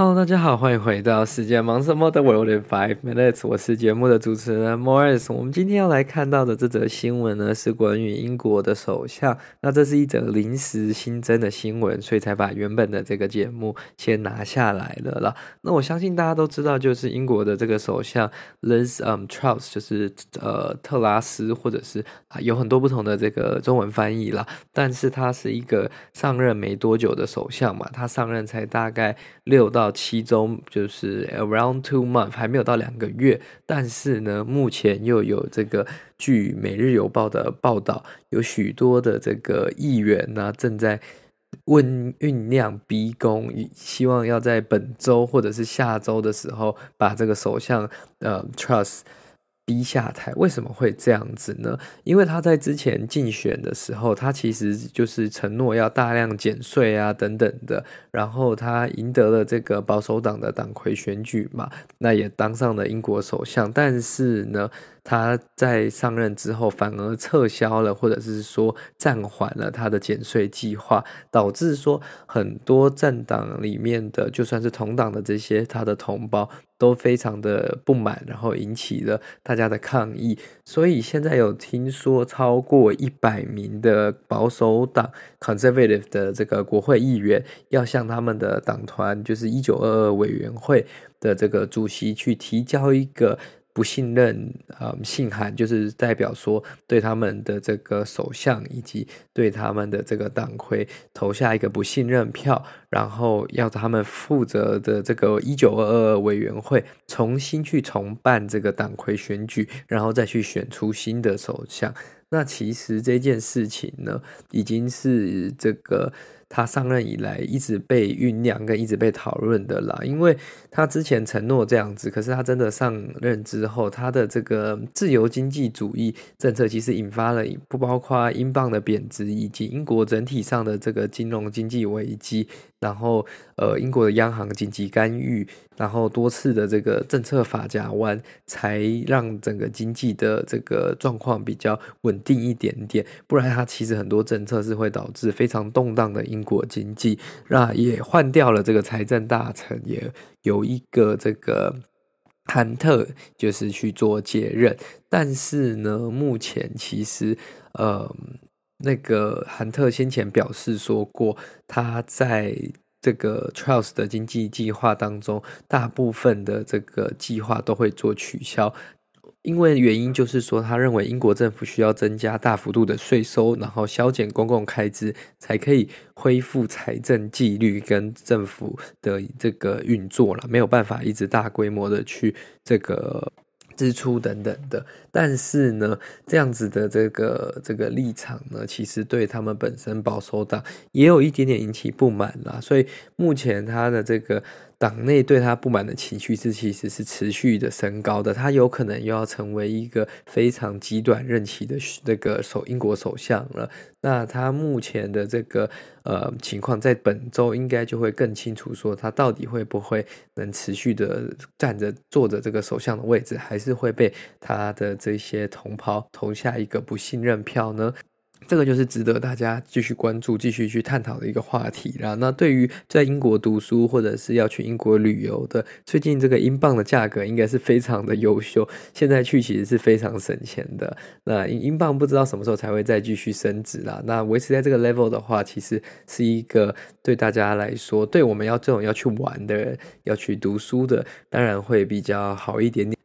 Hello，大家好，歡迎回到世界忙什麼的5 minutes。我是節目的主持人 Morris。我們今天要來看到的這則新聞呢，是關於英國的首相。那這是一則臨時新增的新聞，所以才把原本的這個節目先拿下來了啦。那我相信大家都知道，就是英國的這個首相 Liz Um Truss 就是呃特拉斯，或者是、啊、有很多不同的這個中文翻譯了。但是他是一個上任沒多久的首相嘛，他上任才大概六到。其中就是 around two month，還沒有到兩個月，但是呢，目前又有這個據《每日郵報》的報道，有許多的這個議員呢、啊、正在問醞釀逼宮，希望要在本周或者是下周的時候把這個首相呃，Truss。逼下臺？為什麼會這樣子呢？因為他在之前競選的時候，他其實就是承諾要大量減稅啊，等等的。然後他贏得了這個保守黨的黨魁選舉嘛，那也當上了英國首相。但是呢，他在上任之後，反而撤銷了，或者是說暫緩了他的減稅計劃，導致說很多政黨裡面的，就算是同黨的這些他的同胞都非常的不滿，然後引起了大家的抗議。所以現在有聽說超過一百名的保守黨 （Conservative） 的這個國會議員要向他們的黨團，就是一九二二委員會的這個主席去提交一個。不信任，嗯，信函，就是代表說，對他們的這個首相以及對他們的這個黨魁投下一個不信任票，然後要他們負責的這個一九二二委員會重新去重辦這個黨魁選舉，然後再去選出新的首相。那其實這件事情呢，已經是這個。他上任以來一直被醞釀跟一直被討論的啦，因為他之前承諾這樣子，可是他真的上任之後，他的這個自由經濟主義政策其實引發了不包括英鎊的貶值以及英國整體上的這個金融經濟危機。然後，呃，英國的央行緊急干預，然後多次的這個政策髮夾彎，才讓整個經濟的這個狀況比較穩定一點點。不然，它其實很多政策是會導致非常動盪的英國經濟。那也換掉了這個財政大臣，也有一個這個韓特，就是去做接任。但是呢，目前其實，呃。那個韓特先前表示說過，他在這個 Truss 的經濟計劃當中，大部分的這個計劃都會做取消，因為原因就是說，他認為英國政府需要增加大幅度的稅收，然後削減公共開支，才可以恢復財政紀律跟政府的這個運作了，沒有辦法一直大規模的去這個。支出等等的，但是呢，這樣子的這個這個立場呢，其實對他們本身保守黨也有一點點引起不滿啦，所以目前他的這個。黨內對他不滿的情緒是其實是持續的升高的，他有可能又要成為一個非常極短任期的那個首英國首相了。那他目前的這個呃情況，在本周應該就會更清楚，說他到底會不會能持續的站着坐着這個首相的位置，還是會被他的這些同袍投下一個不信任票呢？這個就是值得大家繼續關注、繼續去探討的一個話題啦。那對於在英國讀書或者是要去英國旅遊的，最近這個英鎊的價格應該是非常的優秀，現在去其實是非常省錢的。那英英鎊不知道什麼時候才會再繼續升值啦。那維持在這個 level 的話，其實是一個對大家來說，對我們要這種要去玩的人、要去讀書的，當然會比較好一點點。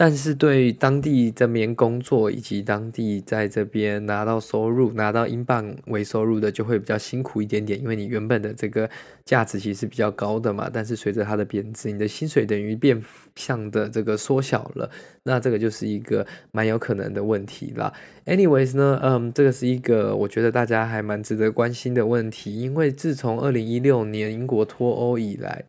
但是對當地這邊工作以及當地在這邊拿到收入、拿到英鎊為收入的，就會比較辛苦一點點，因為你原本的這個價值其實比較高的嘛。但是隨着它的貶值，你的薪水等於變相的這個縮小了，那這個就是一個蠻有可能的問題了。Anyways 呢，嗯，這個是一個我覺得大家還蠻值得關心的問題，因為自從二零一六年英國脫歐以來，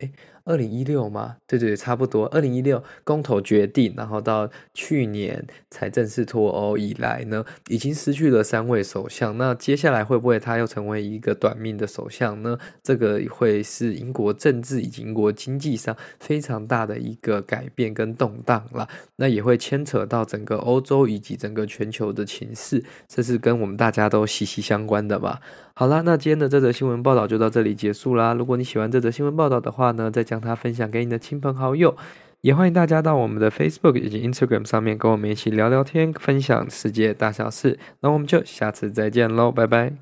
二零一六嘛，對,對對，差不多。二零一六公投決定，然後到去年才正式脫歐以來呢，已經失去了三位首相。那接下來會不會他又成為一個短命的首相呢？這個會是英國政治以及英國經濟上非常大的一個改變跟動盪了。那也會牽扯到整個歐洲以及整個全球的情勢，這是跟我們大家都息息相關的吧。好啦，那今天的這則新聞報道就到這裡結束啦。如果你喜歡這則新聞報道的話呢，在將它分享給你的親朋好友，也歡迎大家到我們的 Facebook 以及 Instagram 上面跟我們一起聊聊天，分享世界大小事。那我們就下次再見嘍，拜拜。